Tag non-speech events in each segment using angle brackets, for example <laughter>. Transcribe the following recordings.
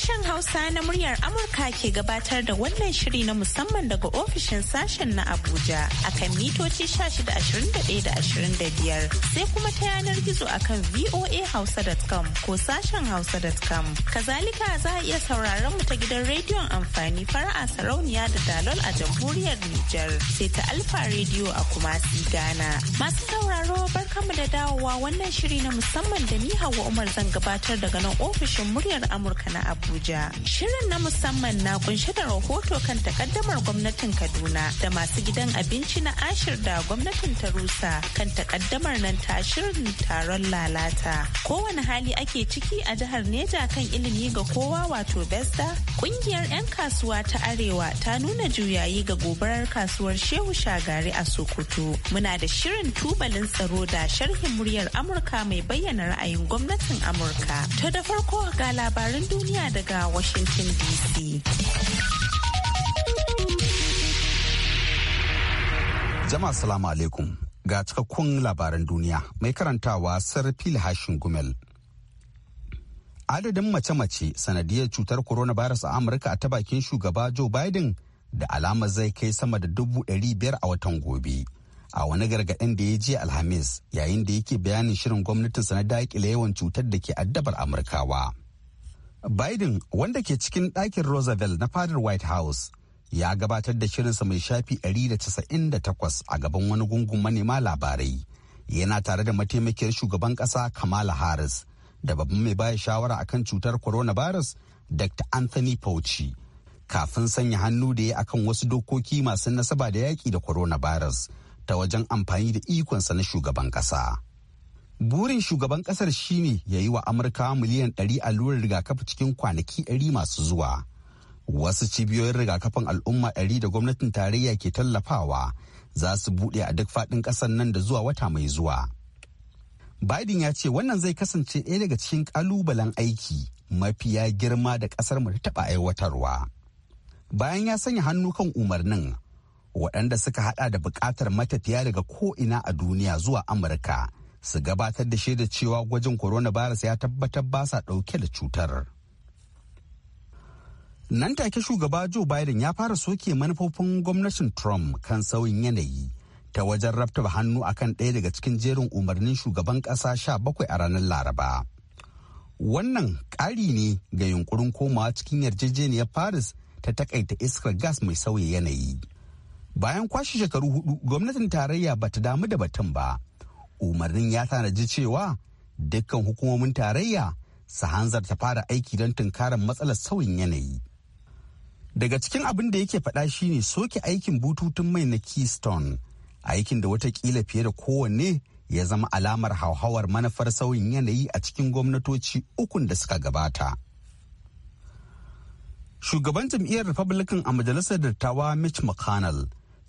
Sashen Hausa na muryar Amurka ke gabatar da wannan shiri na musamman daga ofishin sashen na Abuja akan mitoci 1621 da 25 sai kuma ta yanar gizo akan voahausa.com ko sashen hausa.com. Kazalika za a iya sauraron mu ta gidan rediyon amfani fara'a sarauniya da dalol a jamhuriyar Nijar sai ta Alfa rediyo a Kumasi Ghana. Masu sauraro barkamu da dawowa wannan shiri na musamman da ni Hauwa Umar zan gabatar daga nan ofishin muryar Amurka na Abuja. Abuja. Shirin na musamman na kunshe da rahoto kan takaddamar gwamnatin Kaduna da masu gidan abinci na ashir da gwamnatin Tarusa kan takaddamar nan ta shirin taron lalata. Kowane hali ake ciki a jihar Neja kan ilimi ga kowa wato Besta, kungiyar 'yan kasuwa ta Arewa ta nuna juyayi ga gobarar kasuwar Shehu Shagari a Sokoto. Muna da shirin tubalin tsaro da sharhin muryar Amurka mai bayyana ra'ayin gwamnatin Amurka. Ta da farko ga labaran duniya da daga Washington DC. Jama'a salamu alaikum ga cikakkun labaran duniya mai karantawa Phil Hashin Gumel. Adadin mace-mace sanadiyar cutar coronavirus a Amurka a ta bakin shugaba Joe Biden da alama zai kai sama da dubu ɗari biyar a watan gobe. A wani gargaɗin da ya je Alhamis yayin da yake bayanin shirin gwamnatin na daƙile yawan cutar da ke addabar Amurkawa. Biden wanda ke cikin ɗakin Roosevelt na fadar White House ya gabatar da shirinsa mai shafi 198 a gaban wani gungun manema labarai. Yana tare da mataimakiyar shugaban ƙasa Kamala Harris da babban mai baya shawara a kan cutar coronavirus Dr. Anthony Fauci. Kafin sanya hannu da ya akan wasu dokoki masu nasaba da yaƙi da coronavirus ta wajen amfani da ikonsa na shugaban ƙasa. burin shugaban kasar shine ya yi wa amurka miliyan 100 allurar rigakafi cikin kwanaki 100 masu zuwa wasu cibiyoyin rigakafin al'umma 100 da gwamnatin tarayya ke tallafawa za su buɗe a duk fadin kasar nan da zuwa wata mai zuwa biden ya ce wannan zai kasance ɗaya daga cikin ƙalubalen aiki mafiya girma da ƙasar mu ta taɓa aiwatarwa bayan ya sanya hannu kan umarnin waɗanda suka hada da buƙatar matafiya daga ko ina a duniya zuwa amurka su gabatar da shaida cewa gwajin coronavirus ya tabbatar ba sa dauke da cutar. Nan take shugaba Joe Biden ya fara soke manufofin gwamnatin Trump kan sauyin yanayi ta wajen rafta hannu akan ɗaya daga cikin jerin umarnin shugaban ƙasa sha bakwai a ranar Laraba. Wannan ƙari ne ga yunkurin komawa cikin yarjejeniyar Paris ta takaita iskar gas mai sauya yanayi. Bayan kwashe shekaru hudu gwamnatin tarayya bata damu da batun ba. umarnin ya tanaji cewa dukkan hukumomin tarayya su hanzarta fara aiki don tunkarar matsalar sauyin yanayi daga cikin abin da yake faɗa shine soke aikin bututun mai na keystone aikin da watakila fiye da kowanne ya zama alamar hauhawar manufar sauyin yanayi a cikin gwamnatoci ukun da suka gabata shugaban jam'iyyar republican a majalisar dattawa mitch mcconnell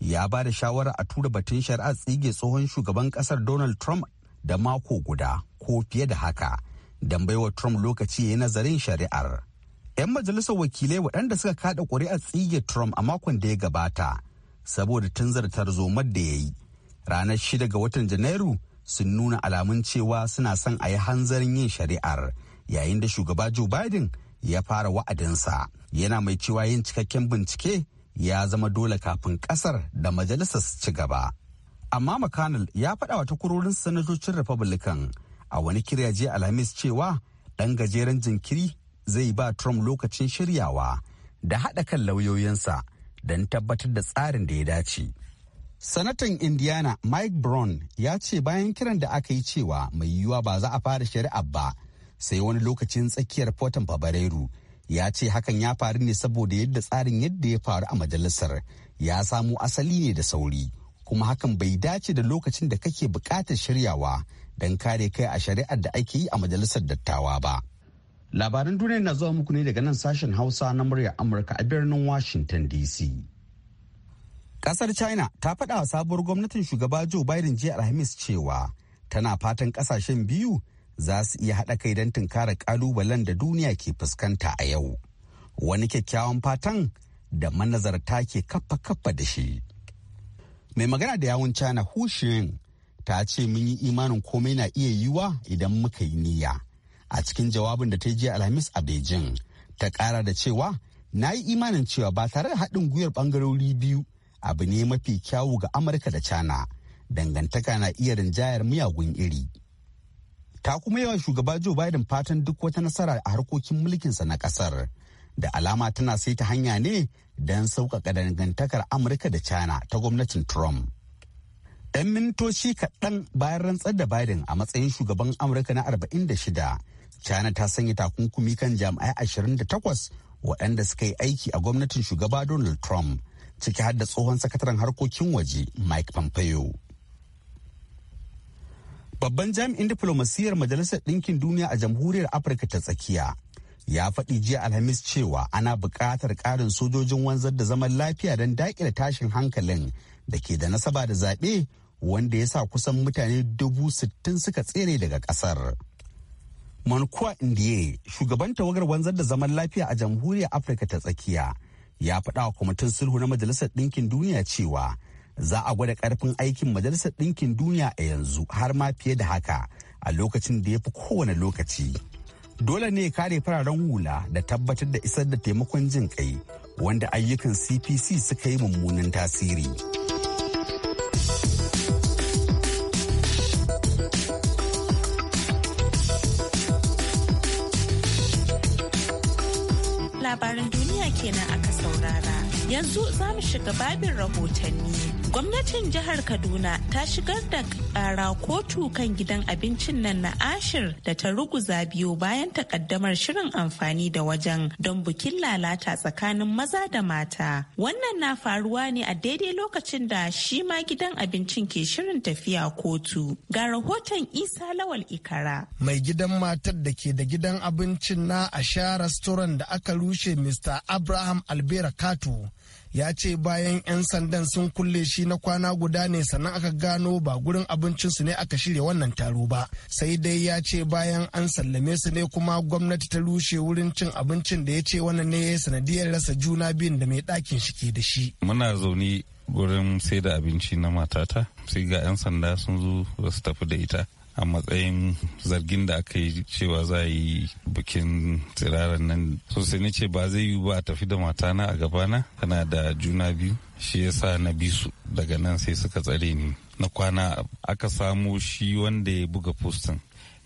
ya ba da shawarar a tura batun shari'a tsige tsohon shugaban kasar donald trump da mako guda ko fiye da haka don baiwa trump lokaci ya yi nazarin shari'ar 'yan majalisar wakilai waɗanda suka kada ƙuri'ar tsige trump a makon da ya gabata saboda zartar zomar da ya yi ranar shida ga watan janairu sun nuna alamun cewa suna son a yi hanzarin yin shari'ar yayin da shugaba joe biden ya fara wa'adinsa yana mai cewa yin cikakken bincike ya zama dole kafin kasar da majalisar su ci gaba. Amma McConnell ya faɗa wa takwarorin sanatocin Republican a wani kirya Alhamis cewa ɗan gajeren jinkiri zai ba Trump lokacin shiryawa da haɗa kan lauyoyinsa don tabbatar da tsarin da ya dace. Sanatan Indiana Mike Brown ya ce bayan kiran da aka yi cewa mai yiwuwa ba za a fara shari'a ba sai wani lokacin tsakiyar watan Fabrairu ya ce hakan ya faru ne saboda yadda tsarin yadda ya faru a majalisar ya samu asali ne da sauri kuma hakan bai dace da lokacin da kake buƙatar shiryawa don kare kai a shari'ar da ake yi a majalisar dattawa ba labaran duniya na zuwa muku ne daga nan sashen hausa na muryar amurka a birnin washington dc Ƙasar china ta faɗa wa sabuwar gwamnatin shugaba joe biden jiya alhamis cewa tana fatan ƙasashen biyu za su iya haɗa kai don tunkara ƙalubalen da duniya ke fuskanta a yau. Wani kyakkyawan fatan da manazarta ke kafa-kafa da shi. Mai magana da yawun China Hu ta ce mun yi imanin komai na iya yiwa idan muka yi niyya. A cikin jawabin da ta yi jiya Alhamis a Beijing, ta ƙara da cewa na yi imanin cewa ba tare da haɗin gwiwar ɓangarori biyu abu ne mafi kyawu ga Amurka da China. Dangantaka na iya rinjayar miyagun iri. ta kuma yawan shugaba Joe Biden fatan duk wata nasara a harkokin mulkinsa na kasar. Da alama tana sai ta hanya ne don sauƙaƙa dangantakar Amurka da China ta gwamnatin Trump. ɗan mintoci kaɗan bayan rantsar da Biden a matsayin shugaban Amurka na 46, China ta sanya takunkumi kan jami'ai 28 waɗanda suka yi aiki a gwamnatin shugaba Donald Trump, ciki har da tsohon sakataren harkokin waje Mike Pompeo. Babban jami'in diflomasiyyar Majalisar Ɗinkin Duniya a Jamhuriyar Afirka ta Tsakiya ya faɗi jiya Alhamis cewa ana buƙatar ƙarin sojojin wanzar da zaman lafiya don daƙile tashin hankalin da ke da nasaba da zaɓe wanda ya sa kusan mutane dubu sittin suka tsere daga ƙasar. Mankuwa Indiye, shugaban tawagar wanzar da zaman lafiya a Jamhuriyar Afirka ta Tsakiya, ya faɗa wa kwamitin sulhu na Majalisar Ɗinkin Duniya cewa za a gwada karfin aikin majalisar ɗinkin duniya a yanzu har ma fiye da haka a lokacin da ya fi kowane lokaci dole ne kare fararen hula da tabbatar da isar da taimakon jin kai wanda ayyukan cpc suka yi mummunan tasiri labaran duniya kenan aka saurara yanzu za mu shiga babin rahotanni Gwamnatin jihar Kaduna ta shigar da kara kotu kan gidan abincin nan na Ashir da ta ruguza biyu bayan takaddamar shirin amfani da wajen don bukin lalata tsakanin maza da mata. Wannan na faruwa ne a daidai lokacin da shi ma gidan abincin ke shirin tafiya kotu. Ga rahoton Isa Lawal Ikara. Mai gidan matar da ke da gidan abincin na a sha restaurant da aka rushe Mr. Abraham Albera Kato ya ce bayan 'yan sandan sun kulle shi na kwana guda ne sannan aka gano ba gurin abincinsu ne aka shirya wannan taro ba sai dai ya ce bayan an sallame su ne kuma gwamnati ta rushe wurin cin abincin da ya ce wannan ne sanadiyar rasa juna biyun da mai ɗakin shi ke da shi muna zaune gurin sai da abinci na matata sai ga 'yan sanda sun zo su tafi da ita a matsayin zargin da aka yi cewa za a yi bikin tsiraran nan sosai na ce ba zai yi ba a tafi da matana a gabana tana da juna biyu shi ya sa na bi su daga nan sai suka tsare ni na kwana aka samo shi wanda ya buga fustin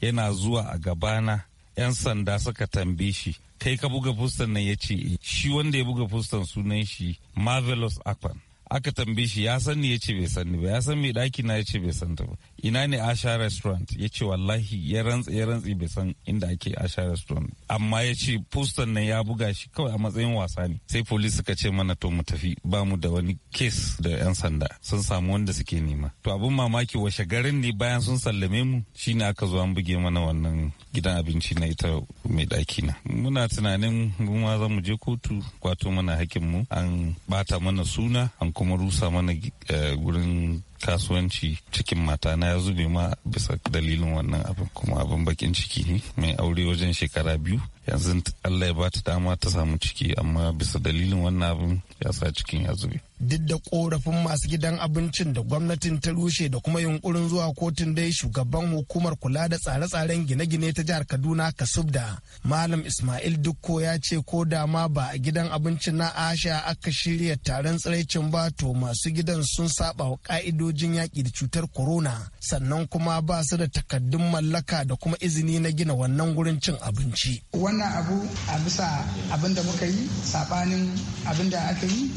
yana zuwa a gabana 'yan sanda suka tambaye shi kai ka buga fustan nan ya ce eh. shi wanda ya buga fustan sunan shi marvelous akpan aka tambaye shi ya san ni ya ce bai san ni ba ya san mai daki na ya ce bai san ta ba ina ne asha restaurant ya ce wallahi ya rantsi ya rantsi bai san inda ake asha restaurant amma ya ce postan nan ya buga shi kawai a matsayin wasa ne sai police suka ce mana to mu tafi ba mu da wani case da yan sanda sun samu wanda suke nema to abin mamaki washe garin ne bayan sun sallame mu shine aka zo an buge mana wannan gidan abinci na ita mai daki na muna tunanin mun ma za mu je kotu kwato mana hakin mu an bata mana suna an kuma rusa mana eh, gurin kasuwanci cikin mata na ya zube ma bisa dalilin wannan abin kuma abin bakin ciki ne mai aure wajen shekara biyu yanzu Allah ya ba ta dama ta samu ciki amma bisa dalilin wannan abin ya sa cikin ya zube. Duk da korafin masu gidan abincin da gwamnatin ta rushe da kuma yunkurin zuwa kotun dai shugaban hukumar kula da tsare-tsaren gine-gine ta jihar Kaduna Kasubda Malam Ismail Dukko ya ce ko da ma ba a gidan abincin na Asha aka shirya taron tsiraicin ba to masu gidan sun saba wa ka'idojin yaƙi da cutar korona sannan kuma ba su da takaddun mallaka da kuma izini na gina wannan wurin cin abinci. wannan abu a bisa abin da muka yi sabanin abin da aka yi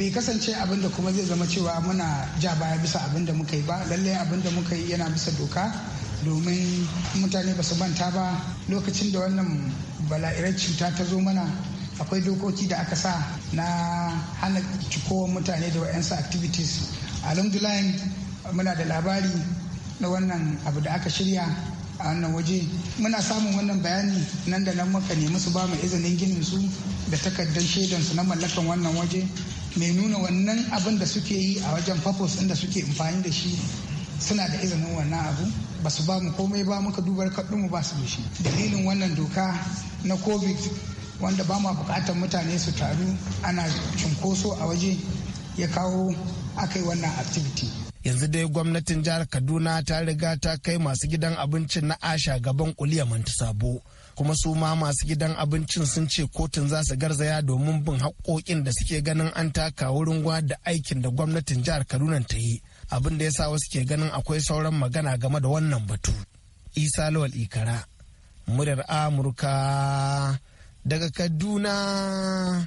bai kasance abin da kuma zai zama cewa muna ja baya bisa abin da muka yi ba lallai abin da muka yi yana bisa doka domin mutane ba su manta ba lokacin da wannan bala'irar cuta ta zo mana akwai dokoki da aka sa na hana cikowar mutane da wa'yansu activities line muna da labari na wannan abu da aka shirya a wannan waje muna samun wannan bayani nan da nan muka nemi su ba mu izinin ginin su da takardar shaidan su na mallakan wannan waje mai nuna wannan abin da suke yi a wajen purpose inda suke amfani da shi suna da izinin wannan abu ba su ba mu komai ba muka dubar kaɗin mu ba su da shi dalilin wannan doka na covid wanda ba ma bukatar mutane su taru ana cunkoso a waje ya kawo aka wannan activity yanzu dai gwamnatin jihar kaduna ta riga ta kai masu gidan abincin na asha gaban kuliya sabo kuma su ma masu gidan abincin sun ce kotun za su garzaya domin bin haƙoƙin da suke ganin an taka wurin da aikin da gwamnatin jihar kaduna ta yi abin da ya sa wasu ke ganin akwai sauran magana game da wannan batu isa lawal ikara muryar amurka daga kaduna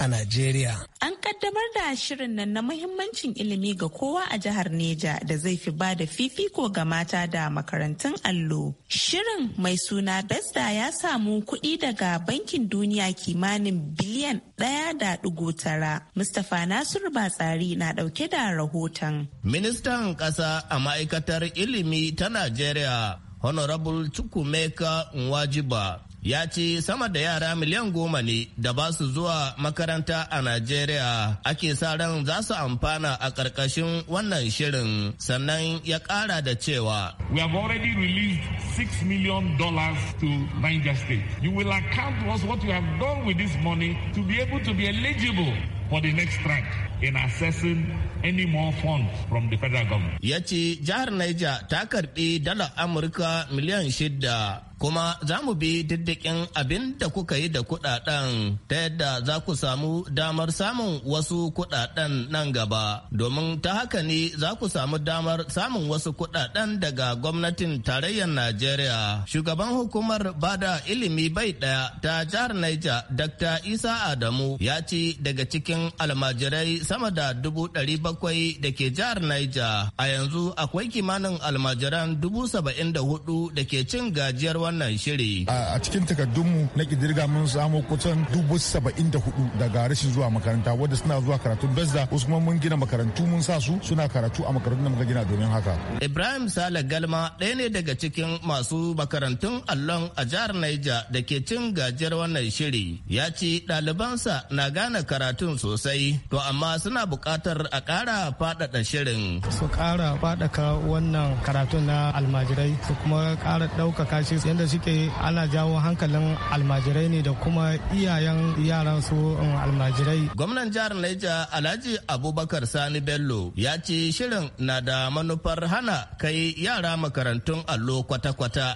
a Najeriya. An kaddamar da shirin nan na muhimmancin ilimi ga kowa a jihar Neja da zai fi ba da fifiko ga mata da makarantun allo. Shirin mai suna Besda ya samu kuɗi daga Bankin Duniya kimanin biliyan ɗaya da ɗigo tara. Mustapha Nasiru Batsari na ɗauke da rahoton. Ministan ƙasa a ma'aikatar ilimi ta Najeriya Honorable Chukwumeka Nwajiba ya ce sama da yara miliyan goma ne da ba su zuwa makaranta a Najeriya ake sa ran za su amfana a ƙarƙashin wannan shirin sannan ya ƙara da cewa. We have already released six million dollars to Niger State. You will account to us what you have done with this money to be able to be eligible for the next track in assessing any more funds from the federal government. Ya ce jihar Niger ta karɓi Dala Amurka miliyan shida kuma za mu bi diddikin abin da kuka yi da kudaden ta yadda za ku samu damar samun wasu kudaden nan gaba domin ta haka ne za ku samu damar samun wasu kudaden daga gwamnatin tarayyar najeriya shugaban hukumar bada ilimi bai daya ta jihar naija dr isa adamu ya ci daga cikin almajirai sama da dubu ɗari bakwai da ke jihar naija a yanzu akwai kimanin almajiran dubu saba'in da hudu da ke cin gajiyar wani wannan shiri. A cikin takardunmu na kidirga mun samu kusan dubu saba'in da hudu daga rashin zuwa makaranta wadda suna zuwa karatun bezda wasu kuma mun gina makarantu mun sa su suna karatu a makarantun da muka gina domin haka. Ibrahim Sale Galma ɗaya ne daga cikin masu makarantun allon a jihar Niger da ke cin gajiyar wannan shiri ya ce ɗalibansa na gane karatun sosai to amma suna buƙatar a ƙara faɗaɗa shirin. Su ƙara faɗaka wannan karatun na almajirai su kuma ƙara ɗaukaka shi yadda da suke ana jawo hankalin almajirai ne da kuma iyayen yaran su um, almajirai. Gwamnan jihar Naija Alhaji Abubakar Sani Bello ya ce shirin na da manufar hana kai yara makarantun allo kwata-kwata.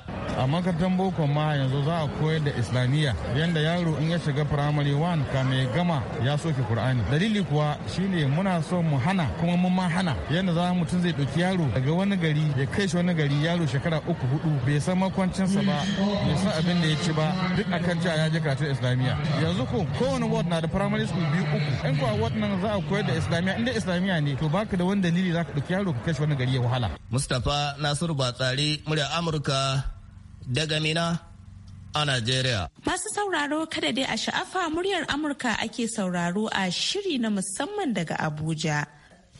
A makarantar boko ma yanzu za a koyar da Islamiyya yadda yaro in ya shiga firamare wan ka mai gama ya soke Kur'ani. Dalili kuwa shine muna so mu hana kuma mun ma hana yadda za mutum zai ɗauki yaro daga wani gari ya kai shi wani gari yaro shekara uku hudu bai san makwancinsa ba bai san abin da ya ci ba duk akan cewa ya je karatun islamiyya yanzu ko kowane ward na da primary school biyu uku in kuwa ward nan za a koyar da islamiyya inda islamiyya ne to baka da wani dalili za ka ɗauki yaro ka kashe wani gari ya wahala. mustapha nasiru batsari murya amurka daga mina a Najeriya. Masu sauraro kada dai a sha'afa muryar Amurka ake sauraro a shiri na musamman daga Abuja.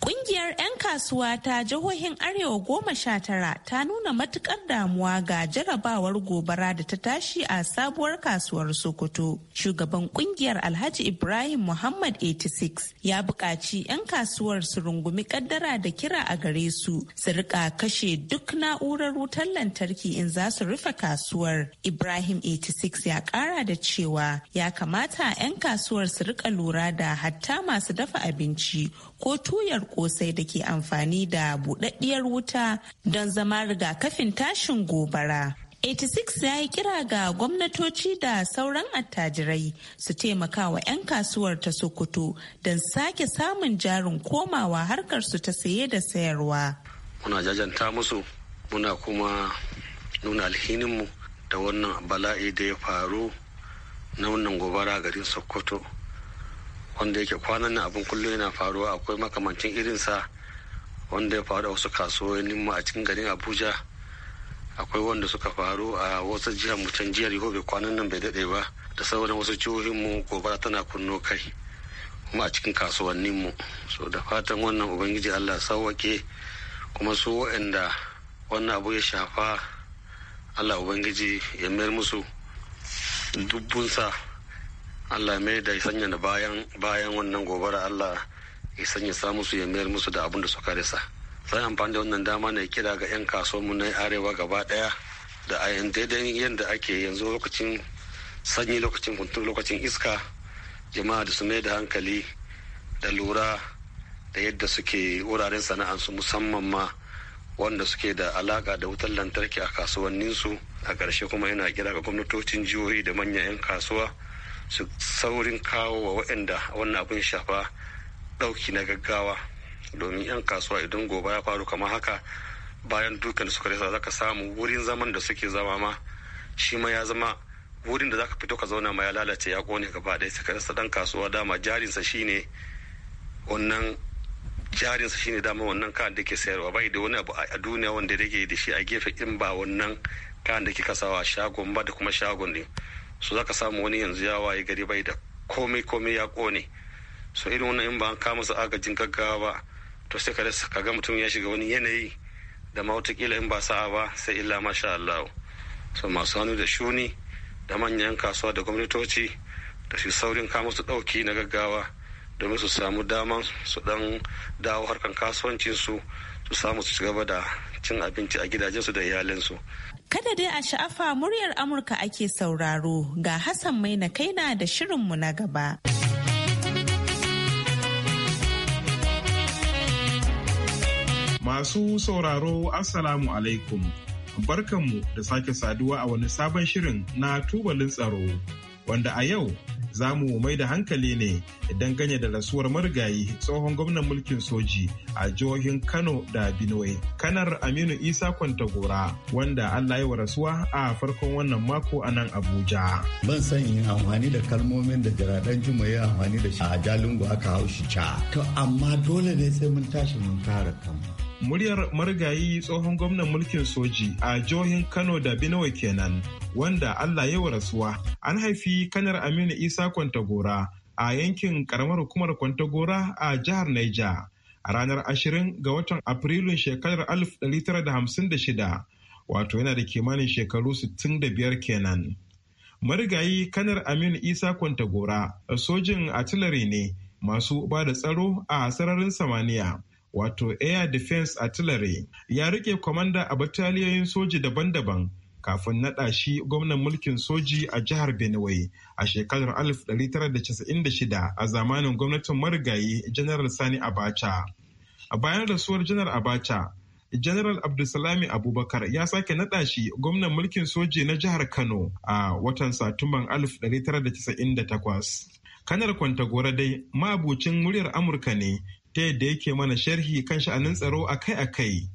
Ƙungiyar 'yan kasuwa ta jihohin Arewa goma sha tara ta nuna matukar damuwa ga jarabawar gobara da ta tashi a sabuwar kasuwar Sokoto. Shugaban ƙungiyar Alhaji Ibrahim Muhammad 86 ya buƙaci 'yan kasuwar su rungumi kaddara da kira a gare su su rika kashe duk na'urar wutar lantarki in za su rufe kasuwar. Ibrahim 86 ya ƙara da cewa ya kamata 'yan kasuwar su rika lura da hatta masu dafa abinci ko tuyar kosai da ke amfani da buɗaɗɗiyar wuta don zama rigakafin tashin gobara. 86 ya yi kira ga gwamnatoci da sauran attajirai su taimakawa 'yan kasuwar ta Sokoto don sake samun jarin komawa harkar su ta saye da sayarwa. Muna jajanta musu, muna kuma nuna alhininmu da wannan bala'i da ya faru na wannan gobara garin Sokoto. wanda yake kwanan nan abin kullum yana faruwa akwai makamancin irinsa wanda ya faru a wasu kasuwannin mu a cikin garin abuja akwai wanda suka faru a wasu jihar mu can jihar yobe kwanan nan bai daɗe ba da sauran wasu jihohin mu gobara tana kunno kai kuma a cikin kasuwannin mu so da fatan wannan ubangiji allah sauwake kuma su waanda wannan abu ya shafa allah ubangiji ya mayar musu dubbunsa allah mai da sanya bayan bayan wannan gobara allah ya sanya samu su ya mayar musu da abin da suka rasa zan amfani da wannan dama na kira ga 'yan kasuwanmu na arewa gaba daya da a yan daidai yadda ake yanzu lokacin sanyi lokacin hunturu lokacin iska jama'a da su mai da hankali da lura da yadda suke wuraren su musamman ma wanda suke da alaka da wutar lantarki a kasuwanninsu a ƙarshe kuma yana kira ga gwamnatocin jihohi da manyan 'yan kasuwa su saurin kawo wa waɗanda wannan abin shafa ɗauki na gaggawa domin 'yan kasuwa idan gobe ya faru kamar haka bayan dukkan suka rasa zaka samu wurin zaman da suke zama ma shi ma ya zama wurin da zaka fito ka zauna ma ya lalace ya kone gaba ɗaya suka rasa dan kasuwa dama jarinsa shine wannan jarinsa shine dama wannan kayan da ke sayarwa bai da wani abu a duniya wanda rage da shi a gefe in ba wannan kan da ke kasawa shagon ba da kuma shagon ne su zaka samu wani yanzu ya waye gari bai da komai komai ya kone so irin wannan in ba an kama su agajin gaggawa ba to sai ka ga mutum ya shiga wani yanayi da ma kila in ba sa'a ba sai illa masha Allah so masu hannu da shuni da manyan kasuwa da gwamnatoci da su saurin kama su ɗauki na gaggawa domin su samu damar su dan dawo harkan su samu su gaba da cin abinci a gidajensu da iyalinsu. Kada dai a sha'afa muryar Amurka ake sauraro ga Hassan mai na kaina da shirinmu na gaba. Masu sauraro Assalamu alaikum. Barkanmu da sake saduwa a wani sabon shirin na tubalin tsaro wanda a yau za mu mai da hankali ne idan ganye da rasuwar marigayi tsohon gwamnan mulkin soji a jihohin kano da benue kanar aminu isa kwantagora wanda allah ya wa rasuwa a farkon wannan mako a nan abuja ban san yin amfani da kalmomin da jiraɗan juma ya amfani da shi a jalingo aka haushi ca to amma dole ne sai mun tashi mun kare kanmu muryar marigayi tsohon gwamnan mulkin soji a jihohin kano da benue kenan wanda allah ya rasuwa an haifi kanar aminu isa kwantagora a yankin karamar hukumar kwantagora a jihar naija a ranar ashirin ga watan afrilun shekarar 1956 wato yana da kimanin shekaru 65 kenan marigayi kanar aminu isa kwantagora sojin artillery ne masu ba da tsaro a sararin samaniya wato air defense artillery ya rike kwamanda a bataliyoyin soji daban-daban kafin naɗa shi gwamnan mulkin soji a jihar benue a shekarar 1996 a zamanin gwamnatin marigayi general sani abacha a bayan rasuwar janar abacha General Abdulsalami Abubakar ya sake naɗa shi gwamnan mulkin soji na jihar Kano a watan Satumban 1998. Kanar Kwantagora dai mabucin muryar Amurka ne ta yadda yake mana sharhi kan sha'anin tsaro akai-akai.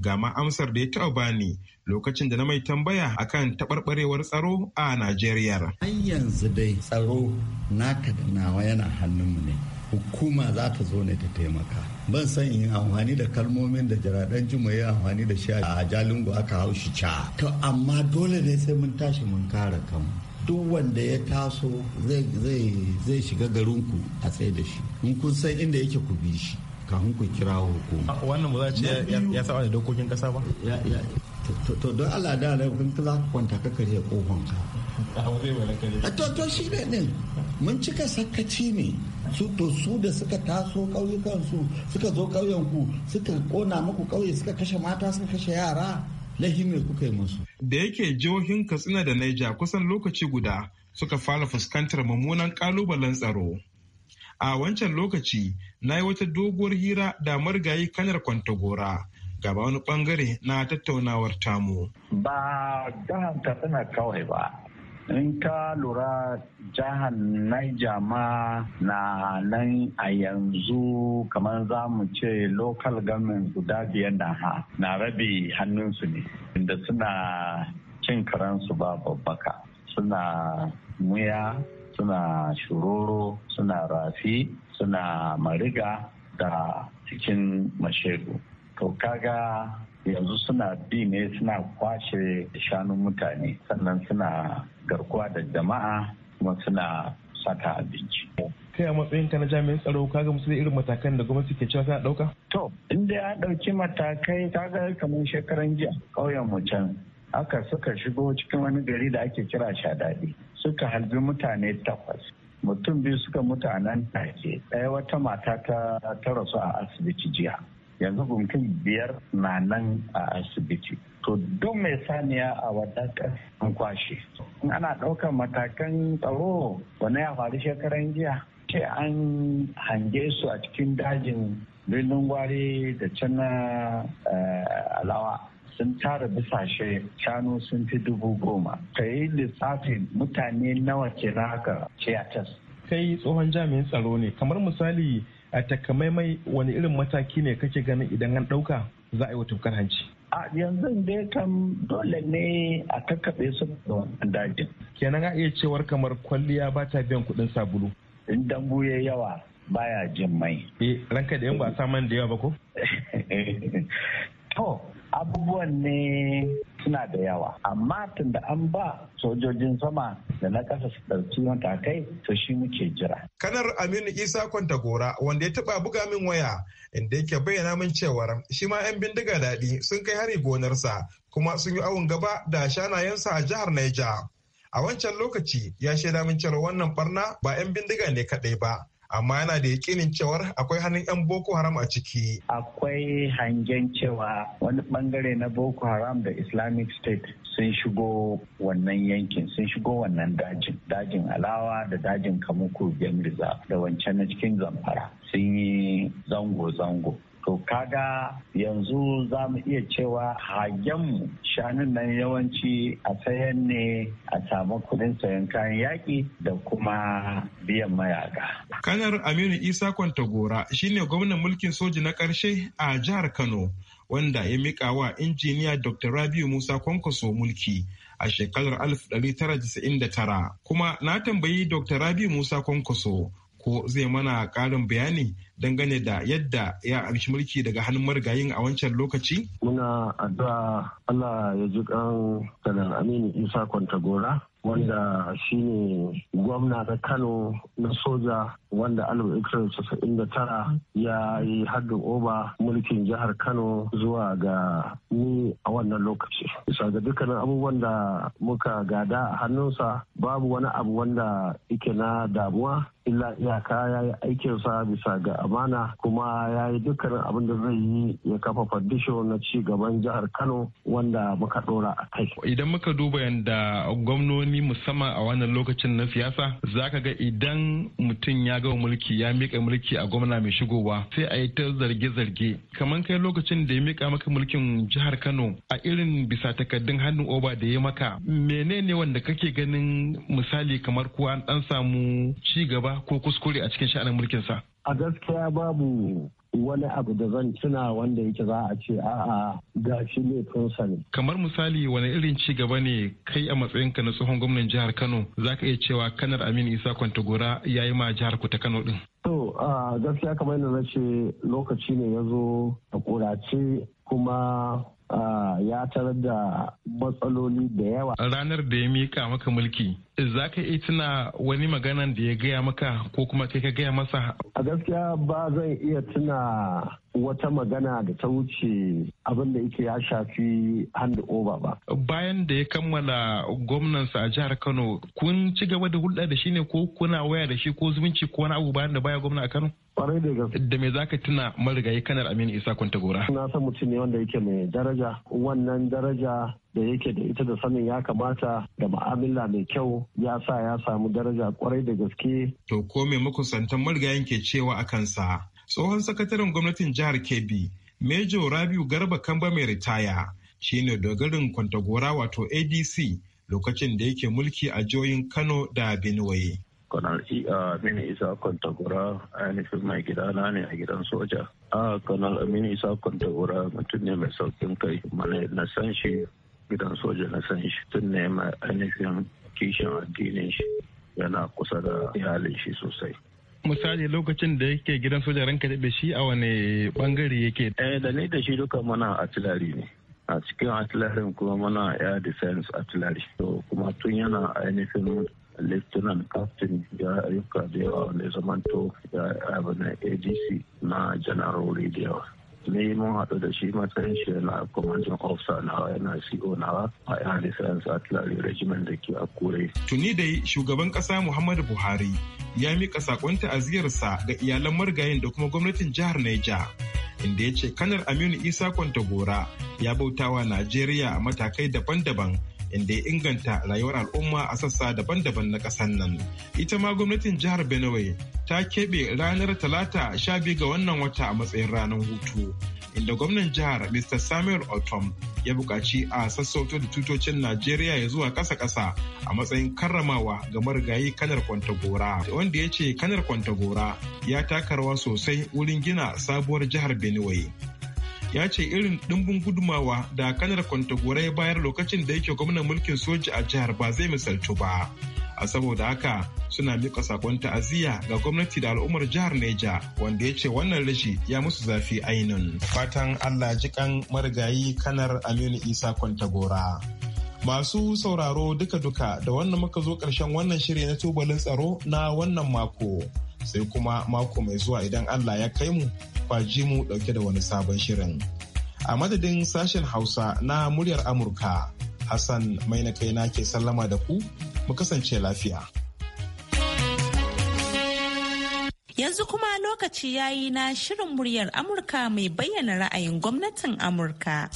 Ga ma amsar da ya taɓa bani lokacin da na mai tambaya akan taɓarɓarewar tsaro a Najeriya. An yanzu dai tsaro naka da nawa yana hannunmu ne. hukuma za ta zo ne ta taimaka ban san in amfani da kalmomin da jaradan jima ya amfani da shi a jalingo aka hau shi ca to amma dole ne sai mun tashi mun kare kanmu duk wanda ya taso zai shiga garinku a tsaye da shi in kun san inda yake ku bi shi kafin ku kira hukuma wannan ba za ce ya saba da dokokin kasa ba to don Allah da ne kun za ku kwanta ka kare kofan ka to to shi ne din mun cika sakaci ne su to su da suka taso ƙauyukan su suka zo kauyen ku suka kona muku ƙauye suka kashe mata suka kashe yara na ne kuka yi musu. Da yake jihohin Katsina da Naija kusan lokaci guda suka fara fuskantar mummunan kalubalen tsaro. A wancan lokaci na yi wata doguwar hira da marigayi kanar kwantagora gaba wani bangare na tattaunawar tamu. Ba jihar Katsina kawai ba, in ka lura jihar Niger ma na nan a yanzu kamar za mu ce local government guda biyar da ha na rabe hannunsu ne inda suna cin karansu ba babbaka suna muya suna shiroro suna rafi suna mariga da cikin mashego to kaga yanzu suna bi ne suna kwashe shanun mutane sannan suna garkuwa da jama'a kuma suna sata abinci. kai a matsayin ka na jami'in tsaro kaga musu irin matakan da gwamnati ke cewa tana dauka? to inda ya dauki matakai ga kamar shekaran jiya ƙauyen mu can aka suka shigo cikin wani gari da ake kira shadadi suka halbi mutane takwas mutum biyu suka mutu a nan take ɗaya wata mata ta rasu a asibiti jiya yanzu gumkin biyar na nan a asibiti to duk mai saniya a wadatar an kwashe ana ɗaukar matakan tsaro wani ya faru shekaran jiya ce an hange su a cikin dajin birnin gwari da can eh, alawa sun tara bisashe shanu sun fi dubu goma ta yi lissafin mutane nawa ke haka ce a kai tsohon jami'in tsaro ne kamar misali a takamaimai wani irin mataki ne kake ganin idan an ɗauka za a yi wata kan hanci a yanzu dai kam dole ne a kakkaɓe su da wannan dajin kenan a iya cewar kamar kwalliya ba ta biyan kuɗin sabulu in dambu ya yawa baya jin mai eh ranka da yan ba saman da yawa ba ko <laughs> to abubuwan ne suna da yawa amma tunda an ba sojojin sama da na ƙasa su ɗauki matakai to shi muke jira. kanar aminu isa kwantagora wanda ya taba buga min waya inda yake bayyana min cewar shi ma 'yan bindiga daɗi sun kai hari gonarsa kuma sun yi awon gaba da shanayensa a jihar naija a wancan lokaci ya shaida min cewa wannan barna ba 'yan bindiga ne kaɗai ba amma yana da yakinin cewar akwai hannun 'yan boko haram a ciki akwai hangen cewa wani bangare na boko haram da islamic state sun shigo wannan yankin sun shigo wannan dajin dajin alawa da dajin kamuku gemriza da wancan na cikin zamfara sun yi zango-zango To kaga yanzu za mu iya cewa hagenmu shanun nan yawanci a sayan ne a samu kudin sayan kayan yaƙi da kuma biyan mayaka. Kanar Aminu Isa Kwantagora shine gwamnan mulkin soji na ƙarshe a jihar Kano wanda ya miƙa wa injiniya Dr. Rabiu Musa Kwankwaso mulki a shekarar 1999 kuma na tambayi Dr. Rabiu Musa Kwankwaso ko zai mana ƙarin bayani dangane da yadda ya amshi mulki daga hannun marigayin a wancan lokaci? Muna addu'a Allah ya ji kan Aminu Isa Kwantagora wanda shine gwamna na kano na soja wanda tara ya yi haddin oba mulkin jihar kano zuwa ga ni a wannan lokaci bisa ga dukkanin abubuwan da muka gada a hannunsa babu wani abu wanda yake na damuwa illa iyaka ya yi aikinsa bisa ga amana kuma ya yi dukkanin abin da zai yi ya kafa fadisho na ci gaban jihar kano wanda muka dora a kai idan muka duba yanda gwamnoni kalmomi musamman a wannan lokacin na siyasa zaka ga idan mutum ya gama mulki ya mika mulki a gwamna mai shigowa sai a yi ta zarge-zarge kamar kai lokacin da ya mika maka mulkin jihar Kano a irin bisa takardun hannun oba da ya maka menene wanda kake ganin misali kamar kuwa an samu ci gaba ko kuskure a cikin sha'anin mulkinsa. a gaskiya babu wani abu da zan tuna wanda yake za a ce a'a ga shi ne ne. Kamar misali wani irin ci gaba ne kai a matsayinka na tsohon gwamnan jihar Kano za ka iya cewa kanar Aminu Isa Kwantagora ya yi ma jihar ku ta Kano din. To gaskiya kamar yadda na ce lokaci ne ya zo a kurace kuma ya tarar da matsaloli da yawa. Ranar da ya mika maka mulki za ka iya tuna wani maganan da ya gaya maka ko kuma kai ka gaya masa? A gaskiya ba zan iya tuna wata magana da ta wuce abin da yake ya shafi hand over ba. Bayan da ya kammala gwamnansa a jihar Kano, kun ci gaba da hulɗa da shi ne ko kuna waya da shi ko zumunci ko wani abu bayan da baya gwamna a Kano? Kwarai da gaske. Da me za ka tuna marigayi kanar Aminu Isa kuntagora Na san mutum ne wanda yake mai daraja, wannan daraja da yake da ita da sanin ya kamata da ma'amala mai kyau ya sa ya samu daraja kwarai da gaske. To ko me makusantan marigayen yanke cewa a kansa? Tsohon sakataren gwamnatin jihar Kebbi, Mejo Rabiu Garba Kamba mai ritaya, shi ne dogarin Kwantagora wato ADC lokacin da yake mulki a jihohin Kano da Benue. kanar eh, aminu isa Kwantagora ainihin mai gidana ne a gidan soja a ah, kanar aminu isa Kwantagora mutum ne mai saukin kai mana na san shi gidan soja na san shi tun nema ainihin kishin addinin shi yana kusa da iyalin shi sosai misali lokacin da yake gidan soja ranka da shi a wani bangare yake eh da ni da shi duka mana artillery ne a cikin artillery kuma mana air defense artillery to kuma tun yana ainihin lieutenant captain ya ayyuka da yawa wanda ya zamanto ya abin adc na general da yawa ne mun haɗu da shi matsayin shi yana commanding officer nawa yana CO nawa a yan a artillery regiment da ke a kure Tuni dai shugaban ƙasa Muhammadu Buhari ya mika saƙon ta'aziyarsa ga iyalan marigayin da kuma gwamnatin jihar Neja. Inda ya ce kanar Aminu Isa Kwantagora ya bautawa Najeriya a matakai daban-daban inda ya inganta rayuwar al'umma a sassa daban-daban na ƙasar nan. Ita ma gwamnatin jihar Benue ta keɓe ranar Talata sha biyu ga wannan wata a matsayin ranar hutu. Inda gwamnan jihar Mr. Samuel Otom ya buƙaci a sassauto da tutocin Najeriya ya zuwa ƙasa-ƙasa a matsayin karramawa ga marigayi kanar Kwantagora. Wanda ya ce kanar Kwantagora ya taka rawa sosai wurin gina sabuwar jihar Benue. ya ce irin dimbin gudumawa da kanar kwantagora ya bayar lokacin da yake gwamnan mulkin soja a jihar ba zai misaltu ba a saboda haka suna miƙa sakon ta'aziyya ga gwamnati da al'ummar jihar Neja wanda ya ce wannan rashi ya musu zafi ainun. Fatan Allah jikan marigayi kanar Aminu Isa Kwantagora. Masu sauraro duka-duka da wannan muka zo ƙarshen wannan shiri na tubalin tsaro na wannan mako. sai kuma mako mai zuwa idan Allah ya kai mu kwaji mu dauke da wani sabon shirin. A madadin sashen Hausa na muryar Amurka, Hassan mai na kaina ke sallama da ku, mu kasance lafiya. Yanzu kuma lokaci ya yi na shirin muryar Amurka mai bayyana ra'ayin gwamnatin Amurka.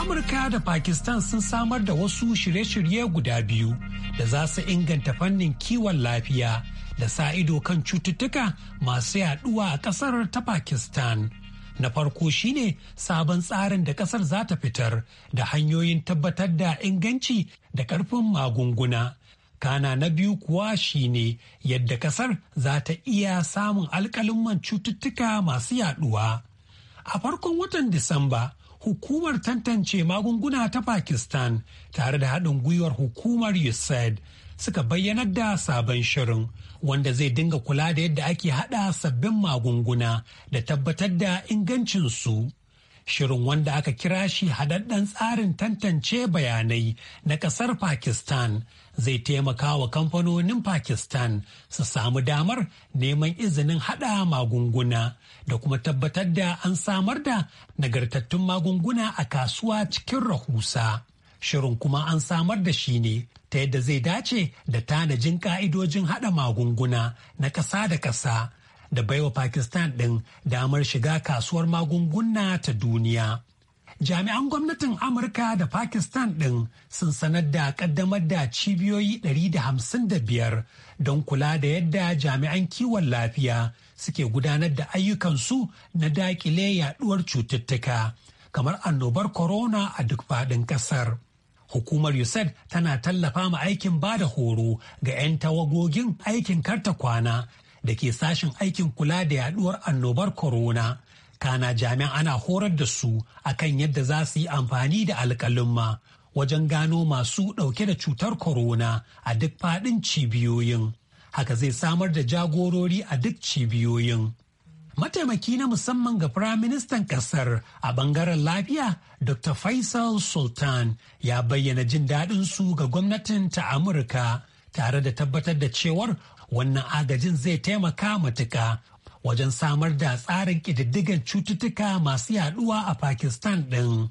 Amurka da Pakistan sun samar da wasu shirye-shirye guda biyu da za su inganta fannin kiwon lafiya da sa ido kan cututtuka masu yaduwa a kasar ta Pakistan. Na farko shine sabon tsarin da kasar za ta fitar da hanyoyin tabbatar da inganci da karfin magunguna. Kana na biyu kuwa shine yadda kasar za ta iya samun alkalin man cututtuka masu yaduwa. A farkon watan Disamba, hukumar tantance magunguna ta Pakistan tare da haɗin gwiwar hukumar USAID suka bayyanar da sabon shirin wanda zai dinga kula da yadda ake haɗa sabbin magunguna da tabbatar da ingancinsu. Shirin wanda aka kira shi haɗaɗɗen tsarin tantance bayanai na ƙasar Pakistan zai taimaka wa kamfanonin Pakistan su samu damar neman izinin hada magunguna da kuma tabbatar da an samar da nagartattun magunguna a kasuwa cikin rahusa. Shirin kuma an samar da shi ne ta yadda zai dace da tanajin ka'idojin hada magunguna na ƙasa da ƙasa da baiwa Pakistan ɗin damar shiga kasuwar magunguna ta duniya. Jami'an gwamnatin Amurka da Pakistan ɗin sun sanar da ƙaddamar da cibiyoyi 155 don kula da yadda jami'an kiwon lafiya suke gudanar da ayyukansu na daƙile yaɗuwar cututtuka kamar annobar corona a duk faɗin ƙasar. hukumar USAID tana tallafa ma aikin ba da horo ga 'yan tawagogin aikin karta kwana da ke sashen aikin kula da yaduwar annobar corona kana jami'an ana horar da su akan yadda za su yi amfani da alƙalumma wajen gano masu ɗauke da cutar corona a duk faɗin cibiyoyin haka zai samar da jagorori a duk cibiyoyin mataimaki na musamman ga firaministan ƙasar a ɓangaren lafiya dr faisal sultan ya bayyana jin daɗin su ga gwamnatin ta amurka tare da tabbatar da cewar wannan agajin zai taimaka matuka wajen samar da tsarin ƙididdigar cututtuka masu yaduwa a Pakistan ɗin.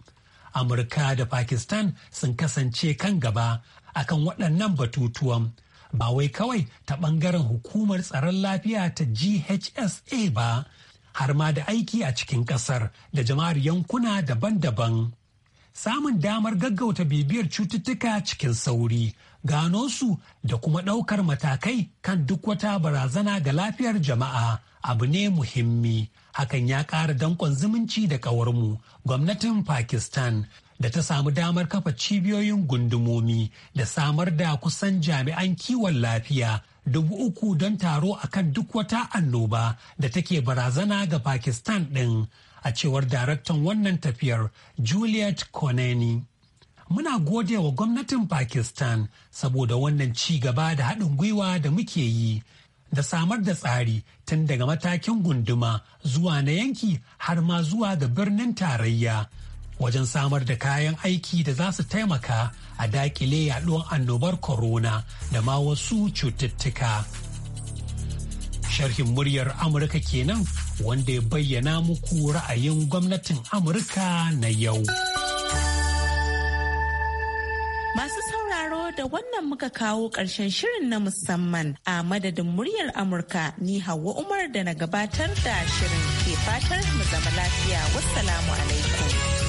Amurka da Pakistan sun kasance kan gaba akan waɗannan batutuwan. Ba wai kawai ta ɓangaren hukumar tsaron lafiya ta GHSA ba, har ma da aiki a cikin ƙasar da jama'ar yankuna daban-daban. Samun damar gaggauta bibiyar cututtuka cikin sauri, gano su da kuma ɗaukar matakai kan duk wata barazana ga lafiyar jama'a. abu ne muhimmi hakan ya ƙara danƙon zumunci da ƙawarmu gwamnatin pakistan da ta samu damar kafa cibiyoyin gundumomi da samar da kusan jami'an kiwon lafiya dubu uku don taro akan duk wata annoba da take barazana ga pakistan ɗin a cewar daraktan wannan tafiyar juliet koneni muna gode wa gwamnatin pakistan saboda wannan ci gaba da haɗin gwiwa da muke yi da samar da tsari tun daga matakin gunduma zuwa na yanki har ma zuwa ga birnin tarayya wajen samar da kayan aiki da za su taimaka a dakile yaduwar annobar corona da ma wasu cututtuka. Sharhin muryar Amurka kenan wanda ya bayyana muku ra'ayin gwamnatin Amurka na yau. da wannan muka kawo ƙarshen shirin na musamman a madadin muryar Amurka ni Hauwa Umar da na gabatar da shirin ke fatar mu zama lafiya. Wassalamu alaikum.